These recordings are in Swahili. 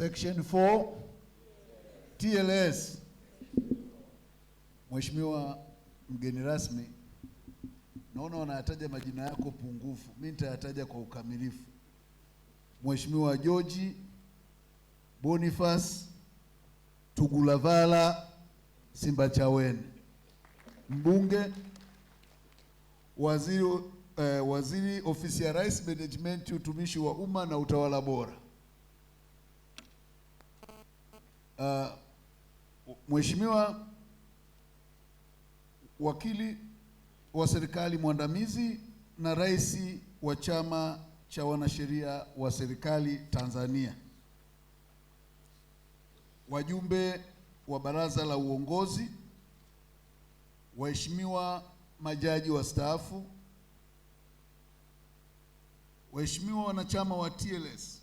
Section 4 TLS. Mheshimiwa mgeni rasmi, naona wanayataja majina yako pungufu, mimi nitayataja kwa ukamilifu. Mheshimiwa George Boniface Tugulavala Simbachawene, mbunge, waziri eh, waziri ofisi ya Rais, management utumishi wa umma na utawala bora uh, Mheshimiwa wakili wa serikali mwandamizi na rais wa Chama cha Wanasheria wa Serikali Tanzania, wajumbe wa baraza la uongozi, waheshimiwa majaji wastaafu, waheshimiwa wanachama wa TLS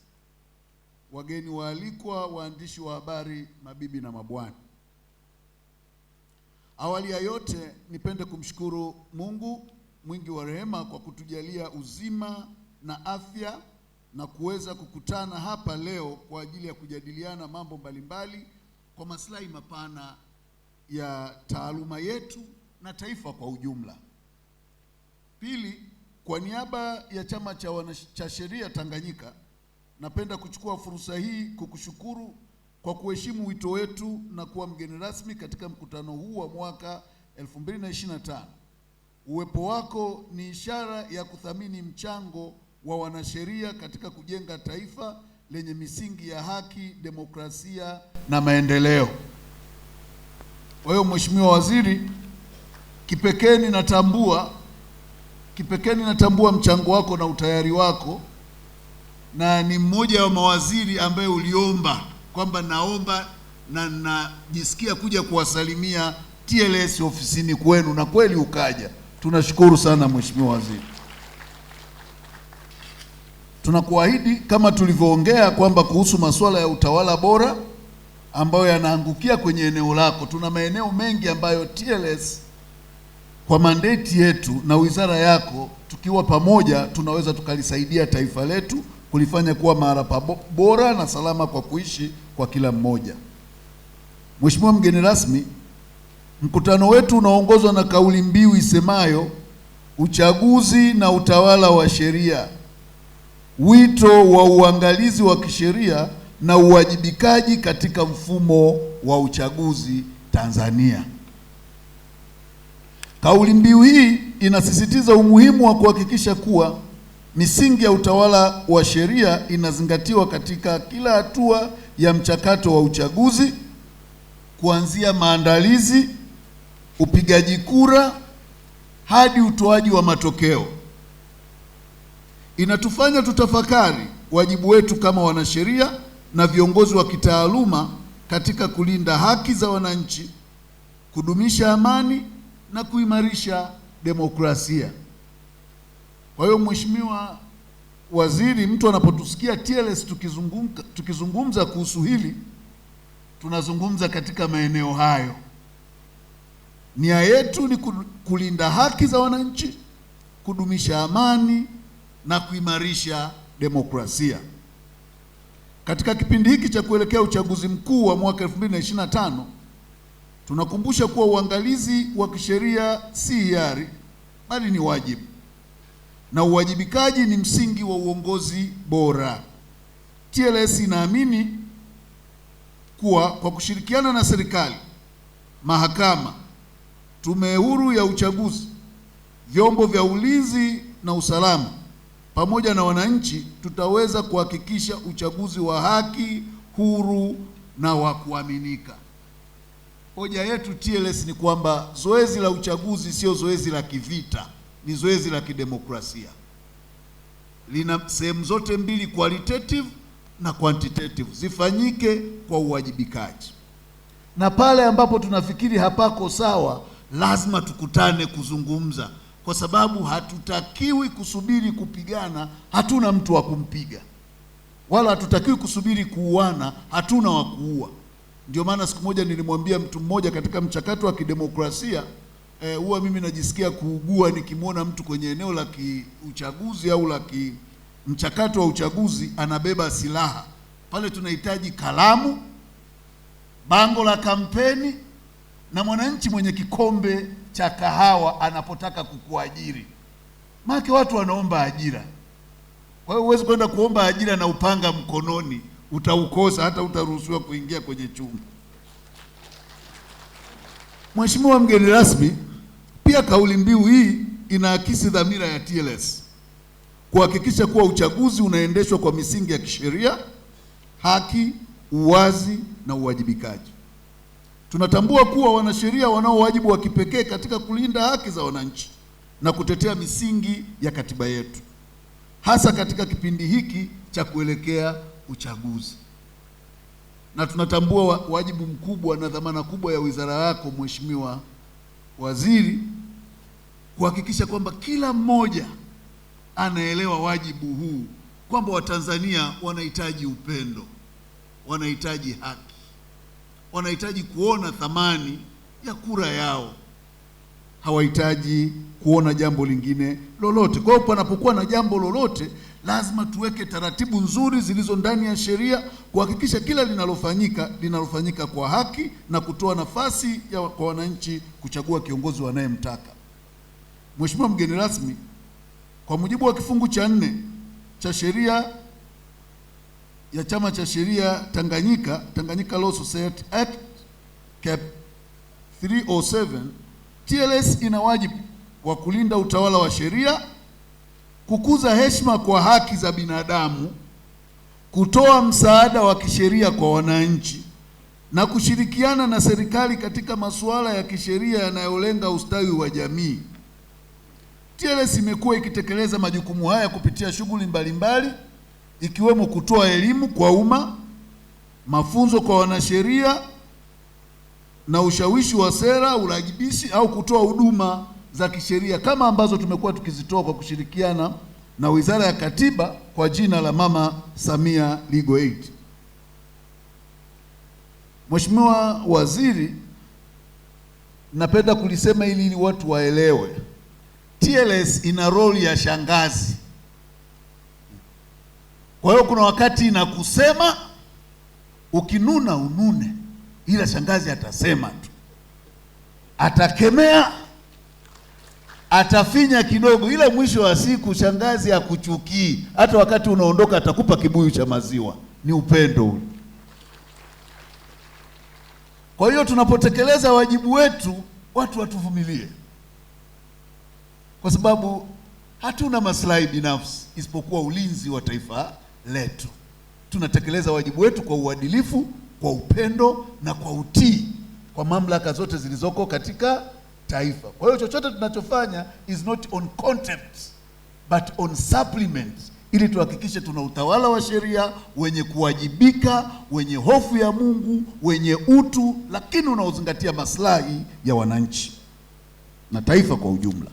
wageni waalikwa, waandishi wa habari, mabibi na mabwana, awali ya yote nipende kumshukuru Mungu mwingi wa rehema kwa kutujalia uzima na afya na kuweza kukutana hapa leo kwa ajili ya kujadiliana mambo mbalimbali kwa maslahi mapana ya taaluma yetu na taifa kwa ujumla. Pili, kwa niaba ya Chama cha Sheria Tanganyika Napenda kuchukua fursa hii kukushukuru kwa kuheshimu wito wetu na kuwa mgeni rasmi katika mkutano huu wa mwaka 2025. Uwepo wako ni ishara ya kuthamini mchango wa wanasheria katika kujenga taifa lenye misingi ya haki, demokrasia na maendeleo. Kwa hiyo, Mheshimiwa Waziri, kipekee ninatambua kipekee ninatambua mchango wako na utayari wako na ni mmoja wa mawaziri ambaye uliomba kwamba naomba na najisikia kuja kuwasalimia TLS ofisini kwenu, na kweli ukaja. Tunashukuru sana Mheshimiwa Waziri. Tunakuahidi kama tulivyoongea kwamba kuhusu masuala ya utawala bora ambayo yanaangukia kwenye eneo lako, tuna maeneo mengi ambayo TLS kwa mandeti yetu na wizara yako tukiwa pamoja tunaweza tukalisaidia taifa letu kulifanya kuwa mara bora na salama kwa kuishi kwa kila mmoja. Mheshimiwa mgeni rasmi, mkutano wetu unaongozwa na kauli mbiu isemayo uchaguzi na utawala wa sheria, wito wa uangalizi wa kisheria na uwajibikaji katika mfumo wa uchaguzi Tanzania. Kauli mbiu hii inasisitiza umuhimu wa kuhakikisha kuwa Misingi ya utawala wa sheria inazingatiwa katika kila hatua ya mchakato wa uchaguzi kuanzia maandalizi, upigaji kura hadi utoaji wa matokeo. Inatufanya tutafakari wajibu wetu kama wanasheria na viongozi wa kitaaluma katika kulinda haki za wananchi, kudumisha amani na kuimarisha demokrasia. Kwa hiyo Mheshimiwa Waziri, mtu anapotusikia TLS tukizungumza tukizungumza kuhusu hili, tunazungumza katika maeneo hayo. Nia yetu ni kulinda haki za wananchi, kudumisha amani na kuimarisha demokrasia. Katika kipindi hiki cha kuelekea uchaguzi mkuu wa mwaka 2025 tunakumbusha kuwa uangalizi wa kisheria si hiari bali ni wajibu na uwajibikaji ni msingi wa uongozi bora. TLS inaamini kuwa kwa kushirikiana na serikali, mahakama, tume huru ya uchaguzi, vyombo vya ulinzi na usalama pamoja na wananchi, tutaweza kuhakikisha uchaguzi wa haki, huru na wa kuaminika. Hoja yetu TLS ni kwamba zoezi la uchaguzi sio zoezi la kivita ni zoezi la kidemokrasia, lina sehemu zote mbili, qualitative na quantitative, zifanyike kwa uwajibikaji, na pale ambapo tunafikiri hapako sawa, lazima tukutane kuzungumza, kwa sababu hatutakiwi kusubiri kupigana, hatuna mtu wa kumpiga, wala hatutakiwi kusubiri kuuana, hatuna wa kuua. Ndio maana siku moja nilimwambia mtu mmoja katika mchakato wa kidemokrasia Eh, huwa mimi najisikia kuugua nikimwona mtu kwenye eneo la kiuchaguzi au la kimchakato wa uchaguzi anabeba silaha pale. Tunahitaji kalamu, bango la kampeni na mwananchi mwenye kikombe cha kahawa anapotaka kukuajiri, maana watu wanaomba ajira. Kwa hiyo huwezi kwenda kuomba ajira na upanga mkononi, utaukosa hata utaruhusiwa kuingia kwenye chumba. Mheshimiwa mgeni rasmi, pia kauli mbiu hii inaakisi dhamira ya TLS kuhakikisha kuwa uchaguzi unaendeshwa kwa misingi ya kisheria, haki, uwazi na uwajibikaji. Tunatambua kuwa wanasheria wanao wajibu wa kipekee katika kulinda haki za wananchi na kutetea misingi ya katiba yetu, hasa katika kipindi hiki cha kuelekea uchaguzi na tunatambua wajibu mkubwa na dhamana kubwa ya wizara yako Mheshimiwa Waziri, kuhakikisha kwamba kila mmoja anaelewa wajibu huu kwamba Watanzania wanahitaji upendo, wanahitaji haki, wanahitaji kuona thamani ya kura yao, hawahitaji kuona jambo lingine lolote. Kwa hiyo panapokuwa na jambo lolote lazima tuweke taratibu nzuri zilizo ndani ya sheria kuhakikisha kila linalofanyika linalofanyika kwa haki na kutoa nafasi ya kwa wananchi kuchagua kiongozi wanayemtaka. Mheshimiwa mgeni rasmi, kwa mujibu wa kifungu cha nne cha sheria ya Chama cha Sheria Tanganyika, Tanganyika Law Society Act Cap 307, TLS ina wajibu wa kulinda utawala wa sheria kukuza heshima kwa haki za binadamu, kutoa msaada wa kisheria kwa wananchi na kushirikiana na serikali katika masuala ya kisheria yanayolenga ustawi wa jamii. TLS imekuwa ikitekeleza majukumu haya kupitia shughuli mbalimbali ikiwemo kutoa elimu kwa umma, mafunzo kwa wanasheria na ushawishi wa sera, urajibishi au kutoa huduma za kisheria kama ambazo tumekuwa tukizitoa kwa kushirikiana na Wizara ya Katiba kwa jina la Mama Samia Legal Aid. Mheshimiwa Waziri, napenda kulisema ili ili watu waelewe. TLS ina roli ya shangazi. Kwa hiyo kuna wakati inakusema ukinuna unune, ila shangazi atasema tu, atakemea atafinya kidogo, ila mwisho wa siku shangazi akuchukii. Hata wakati unaondoka atakupa kibuyu cha maziwa. Ni upendo Kwa hiyo tunapotekeleza wajibu wetu, watu watuvumilie, kwa sababu hatuna maslahi binafsi isipokuwa ulinzi wa taifa letu. Tunatekeleza wajibu wetu kwa uadilifu, kwa upendo na kwa utii kwa mamlaka zote zilizoko katika taifa. Kwa hiyo chochote tunachofanya is not on content but on supplement, ili tuhakikishe tuna utawala wa sheria wenye kuwajibika, wenye hofu ya Mungu, wenye utu, lakini unaozingatia maslahi ya wananchi na taifa kwa ujumla.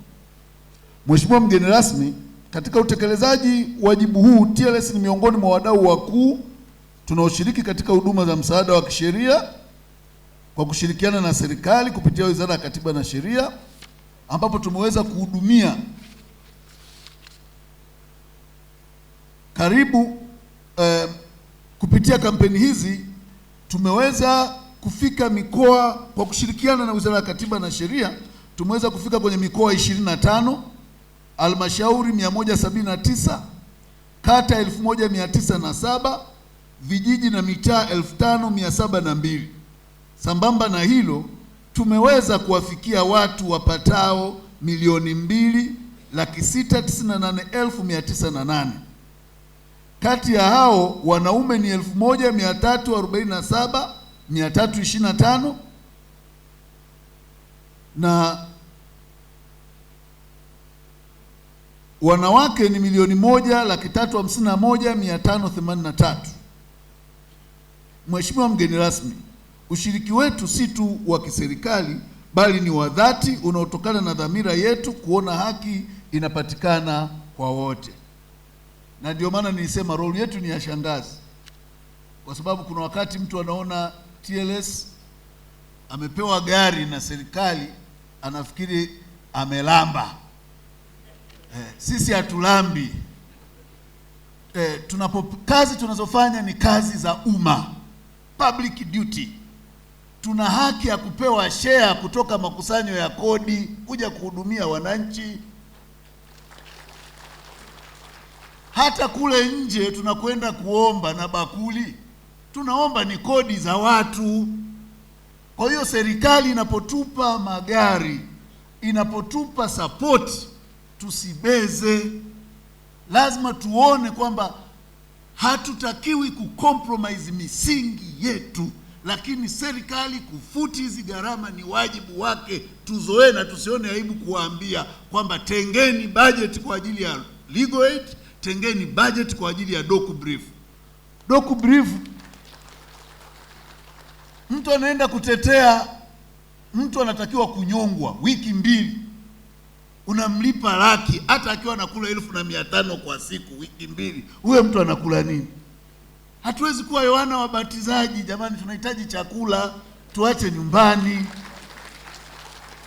Mheshimiwa mgeni rasmi, katika utekelezaji wajibu huu TLS ni miongoni mwa wadau wakuu tunaoshiriki katika huduma za msaada wa kisheria kwa kushirikiana na serikali kupitia Wizara ya Katiba na Sheria, ambapo tumeweza kuhudumia karibu eh, kupitia kampeni hizi tumeweza kufika mikoa kwa kushirikiana na Wizara ya Katiba na Sheria tumeweza kufika kwenye mikoa 25, halmashauri 179, kata 1907, vijiji na mitaa 5702. Sambamba na hilo, tumeweza kuwafikia watu wapatao milioni mbili laki sita tisini na nane elfu mia tisa na nane. Kati ya hao wanaume ni elfu moja mia tatu arobaini na saba mia tatu ishirini na tano na wanawake ni milioni moja laki tatu hamsini na moja mia tano themanini na tatu. Mheshimiwa mgeni rasmi, Ushiriki wetu si tu wa kiserikali, bali ni wa dhati unaotokana na dhamira yetu kuona haki inapatikana kwa wote, na ndio maana nilisema role yetu ni ya shangazi, kwa sababu kuna wakati mtu anaona TLS amepewa gari na serikali, anafikiri amelamba. Eh, sisi hatulambi. Eh, tunapo kazi tunazofanya ni kazi za umma, public duty tuna haki ya kupewa share kutoka makusanyo ya kodi kuja kuhudumia wananchi. Hata kule nje tunakwenda kuomba na bakuli, tunaomba ni kodi za watu. Kwa hiyo serikali inapotupa magari, inapotupa sapoti, tusibeze. Lazima tuone kwamba hatutakiwi kukompromise misingi yetu lakini serikali kufuti hizi gharama ni wajibu wake. Tuzoee na tusione aibu kuwaambia kwamba tengeni bajeti kwa ajili ya legal aid, tengeni bajeti kwa ajili ya docu brief. Docu brief, mtu anaenda kutetea mtu anatakiwa kunyongwa wiki mbili, unamlipa laki, hata akiwa anakula elfu na mia tano kwa siku, wiki mbili, huyo mtu anakula nini? Hatuwezi kuwa Yohana Wabatizaji jamani, tunahitaji chakula, tuache nyumbani,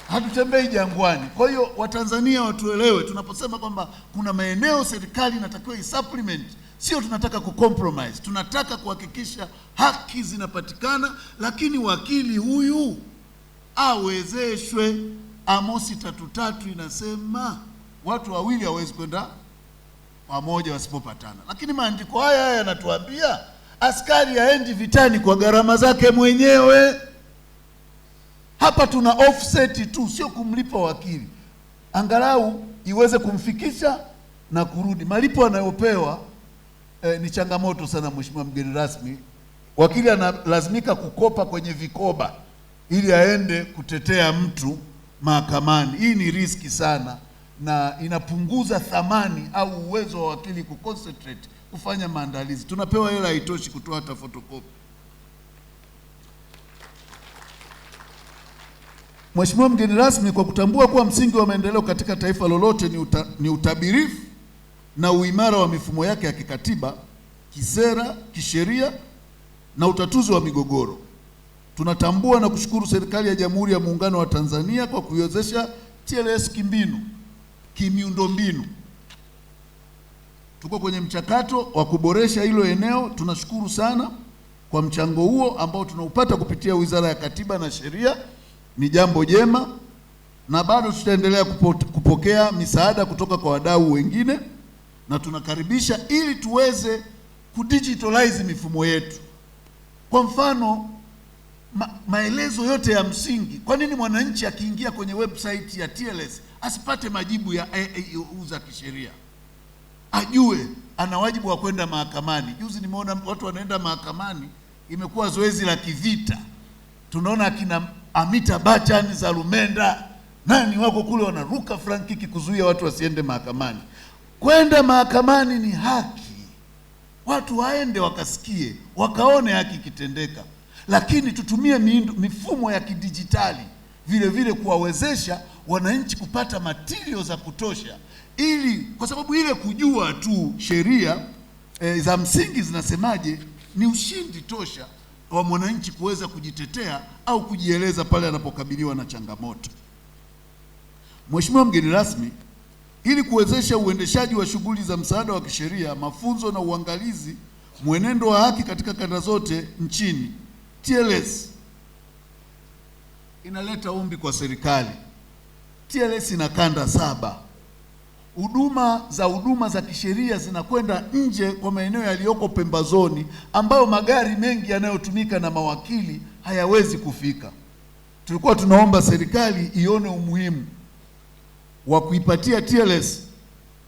hatutembei jangwani. Kwa hiyo Watanzania watuelewe tunaposema kwamba kuna maeneo serikali inatakiwa isupplement, sio tunataka kucompromise, tunataka kuhakikisha haki zinapatikana, lakini wakili huyu awezeshwe. Amosi tatu tatu inasema watu wawili hawezi kwenda pamoja wasipopatana. Lakini maandiko haya haya yanatuambia askari haendi vitani kwa gharama zake mwenyewe. Hapa tuna offset tu, sio kumlipa wakili, angalau iweze kumfikisha na kurudi. Malipo anayopewa eh, ni changamoto sana, mheshimiwa mgeni rasmi. Wakili analazimika kukopa kwenye vikoba ili aende kutetea mtu mahakamani. Hii ni riski sana na inapunguza thamani au uwezo wa wakili kuconcentrate kufanya maandalizi. Tunapewa hela haitoshi kutoa hata photocopy. Mheshimiwa mgeni rasmi, kwa kutambua kuwa msingi wa maendeleo katika taifa lolote ni, uta, ni utabirifu na uimara wa mifumo yake ya kikatiba, kisera, kisheria na utatuzi wa migogoro, tunatambua na kushukuru serikali ya Jamhuri ya Muungano wa Tanzania kwa kuiwezesha TLS kimbinu kimiundombinu. Tuko kwenye mchakato wa kuboresha hilo eneo. Tunashukuru sana kwa mchango huo ambao tunaupata kupitia Wizara ya Katiba na Sheria, ni jambo jema, na bado tutaendelea kupokea misaada kutoka kwa wadau wengine, na tunakaribisha ili tuweze kudigitalize mifumo yetu. Kwa mfano ma maelezo yote ya msingi, kwa nini mwananchi akiingia kwenye website ya TLS asipate majibu ya AAU za kisheria, ajue ana wajibu wa kwenda mahakamani. Juzi nimeona watu wanaenda mahakamani, imekuwa zoezi la kivita. Tunaona akina Amita bachan za Lumenda nani wako kule wanaruka frankiki kuzuia watu wasiende mahakamani. Kwenda mahakamani ni haki, watu waende wakasikie, wakaone haki ikitendeka, lakini tutumie mifumo ya kidijitali vile vile kuwawezesha wananchi kupata matirio za kutosha, ili kwa sababu ile kujua tu sheria e, za msingi zinasemaje ni ushindi tosha wa mwananchi kuweza kujitetea au kujieleza pale anapokabiliwa na changamoto. Mheshimiwa mgeni rasmi, ili kuwezesha uendeshaji wa shughuli za msaada wa kisheria, mafunzo na uangalizi mwenendo wa haki katika kanda zote nchini, TLS inaleta ombi kwa serikali. TLS ina kanda saba. Huduma za huduma za kisheria zinakwenda nje kwa maeneo yaliyoko pembazoni, ambayo magari mengi yanayotumika na mawakili hayawezi kufika. Tulikuwa tunaomba serikali ione umuhimu wa kuipatia TLS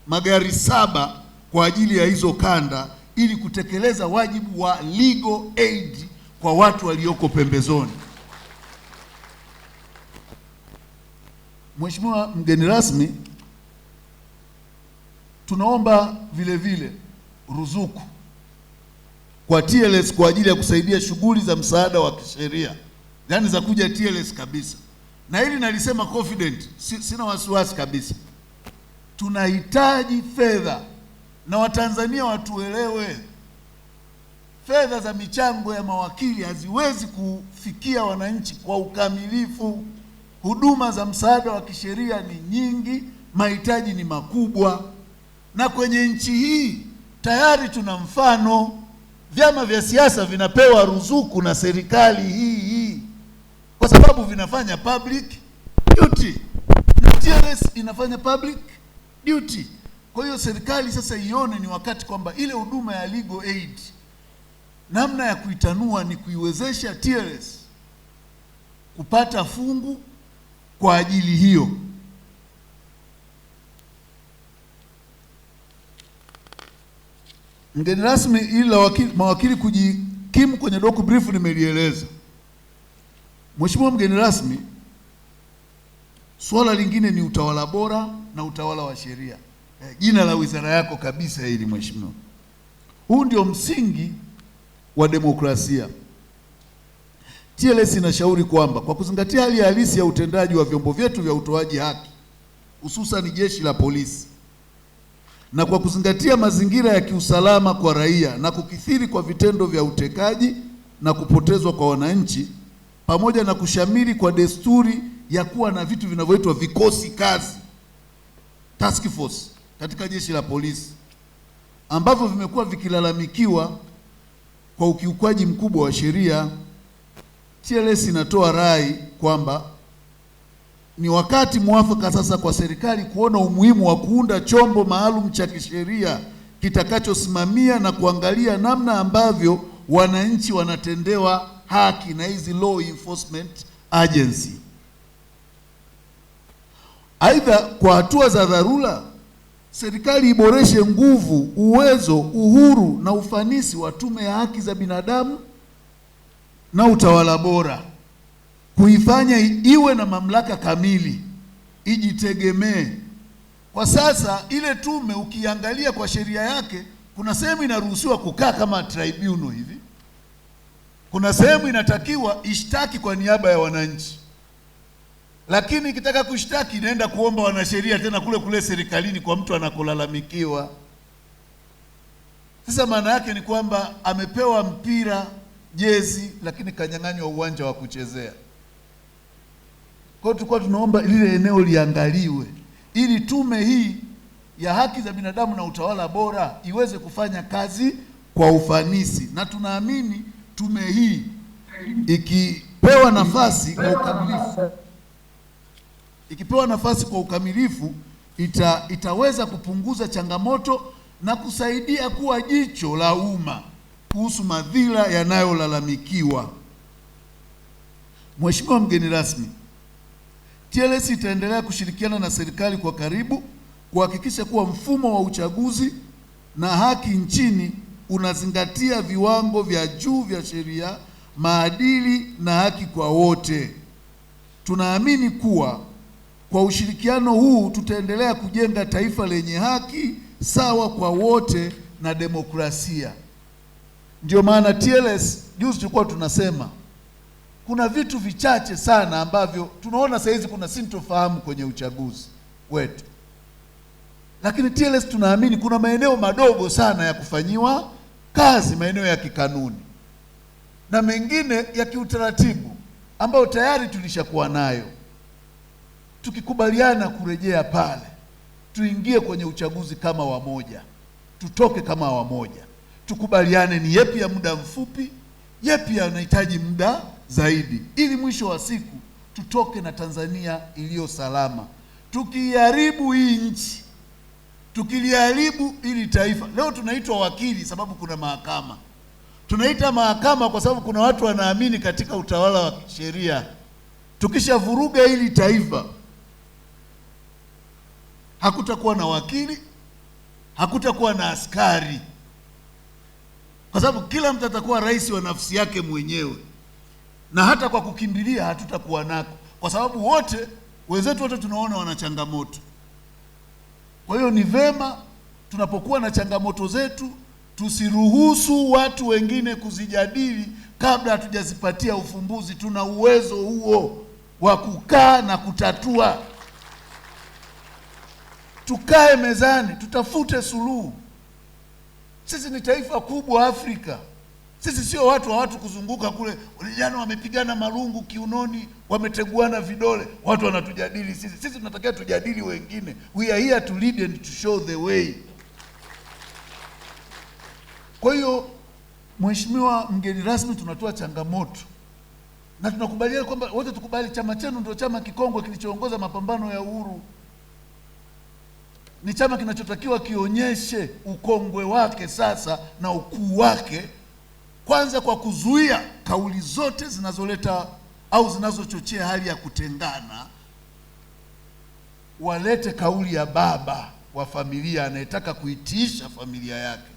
magari saba kwa ajili ya hizo kanda ili kutekeleza wajibu wa legal aid kwa watu walioko pembezoni. Mheshimiwa mgeni rasmi, tunaomba vile vile ruzuku kwa TLS kwa ajili ya kusaidia shughuli za msaada wa kisheria, yani za kuja TLS kabisa, na hili nalisema confident, sina wasiwasi kabisa. Tunahitaji fedha na Watanzania watuelewe, fedha za michango ya mawakili haziwezi kufikia wananchi kwa ukamilifu huduma za msaada wa kisheria ni nyingi, mahitaji ni makubwa, na kwenye nchi hii tayari tuna mfano, vyama vya siasa vinapewa ruzuku na serikali hii hii kwa sababu vinafanya public duty na TLS inafanya public duty. Kwa hiyo serikali sasa ione ni wakati kwamba ile huduma ya legal aid namna ya kuitanua ni kuiwezesha TLS kupata fungu kwa ajili hiyo. Mgeni rasmi, ili la mawakili kujikimu kwenye doku brifu nimelieleza. Mheshimiwa mgeni rasmi, suala lingine ni utawala bora na utawala wa sheria, eh, jina la wizara yako kabisa hili mheshimiwa. Huu ndio msingi wa demokrasia. TLS inashauri kwamba kwa kuzingatia hali halisi ya utendaji wa vyombo vyetu vya utoaji haki hususan jeshi la polisi na kwa kuzingatia mazingira ya kiusalama kwa raia na kukithiri kwa vitendo vya utekaji na kupotezwa kwa wananchi pamoja na kushamiri kwa desturi ya kuwa na vitu vinavyoitwa vikosi kazi task force katika jeshi la polisi ambavyo vimekuwa vikilalamikiwa kwa ukiukwaji mkubwa wa sheria TLS inatoa rai kwamba ni wakati mwafaka sasa kwa serikali kuona umuhimu wa kuunda chombo maalum cha kisheria kitakachosimamia na kuangalia namna ambavyo wananchi wanatendewa haki na hizi law enforcement agency. Aidha, kwa hatua za dharura, serikali iboreshe nguvu, uwezo, uhuru na ufanisi wa tume ya haki za binadamu na utawala bora, kuifanya iwe na mamlaka kamili, ijitegemee. Kwa sasa ile tume ukiangalia kwa sheria yake, kuna sehemu inaruhusiwa kukaa kama tribunal hivi, kuna sehemu inatakiwa ishtaki kwa niaba ya wananchi, lakini ikitaka kushtaki inaenda kuomba wanasheria tena kule kule serikalini kwa mtu anakolalamikiwa. Sasa maana yake ni kwamba amepewa mpira jezi, lakini kanyang'anywa uwanja wa kuchezea. Kwa hiyo tulikuwa tunaomba lile eneo liangaliwe ili tume hii ya haki za binadamu na utawala bora iweze kufanya kazi kwa ufanisi, na tunaamini tume hii ikipewa nafasi kwa ukamilifu, ikipewa nafasi kwa ukamilifu ita, itaweza kupunguza changamoto na kusaidia kuwa jicho la umma kuhusu madhila yanayolalamikiwa. Mheshimiwa mgeni rasmi, TLS itaendelea kushirikiana na serikali kwa karibu kuhakikisha kuwa mfumo wa uchaguzi na haki nchini unazingatia viwango vya juu vya sheria, maadili na haki kwa wote. Tunaamini kuwa kwa ushirikiano huu tutaendelea kujenga taifa lenye haki sawa kwa wote na demokrasia. Ndio maana TLS juzi tulikuwa tunasema kuna vitu vichache sana ambavyo tunaona saa hizi kuna sintofahamu kwenye uchaguzi wetu, lakini TLS tunaamini kuna maeneo madogo sana ya kufanyiwa kazi, maeneo ya kikanuni na mengine ya kiutaratibu ambayo tayari tulishakuwa nayo. Tukikubaliana kurejea pale, tuingie kwenye uchaguzi kama wamoja, tutoke kama wamoja tukubaliane ni yepi ya muda mfupi, yepi yanahitaji muda zaidi, ili mwisho wa siku tutoke na Tanzania iliyo salama. Tukiharibu hii nchi, tukiliharibu ili taifa. Leo tunaitwa wakili sababu kuna mahakama, tunaita mahakama kwa sababu kuna watu wanaamini katika utawala wa sheria. Tukishavuruga hili taifa, hakutakuwa na wakili, hakutakuwa na askari kwa sababu kila mtu atakuwa rais wa nafsi yake mwenyewe, na hata kwa kukimbilia hatutakuwa nako, kwa sababu wote wenzetu wote tunaona wana changamoto. Kwa hiyo ni vema tunapokuwa na changamoto zetu tusiruhusu watu wengine kuzijadili kabla hatujazipatia ufumbuzi. Tuna uwezo huo wa kukaa na kutatua. Tukae mezani, tutafute suluhu. Sisi ni taifa kubwa Afrika. Sisi sio watu wa watu kuzunguka kule, vijana wamepigana marungu kiunoni, wameteguana vidole, watu wanatujadili sisi. Sisi tunatakiwa tujadili wengine. We are here to lead and to show the way. Kwa hiyo, Mheshimiwa mgeni rasmi, tunatoa changamoto na tunakubaliana kwamba wote tukubali, chama chenu ndio chama kikongwe kilichoongoza mapambano ya uhuru ni chama kinachotakiwa kionyeshe ukongwe wake sasa na ukuu wake, kwanza kwa kuzuia kauli zote zinazoleta au zinazochochea hali ya kutengana. Walete kauli ya baba wa familia anayetaka kuitiisha familia yake.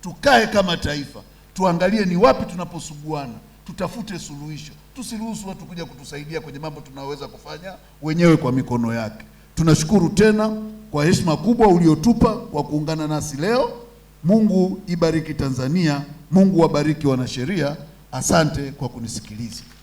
Tukae kama taifa, tuangalie ni wapi tunaposuguana, tutafute suluhisho. Tusiruhusu watu kuja kutusaidia kwenye mambo tunaweza kufanya wenyewe kwa mikono yake. Tunashukuru tena kwa heshima kubwa uliotupa kwa kuungana nasi leo. Mungu ibariki Tanzania, Mungu wabariki wanasheria. Asante kwa kunisikiliza.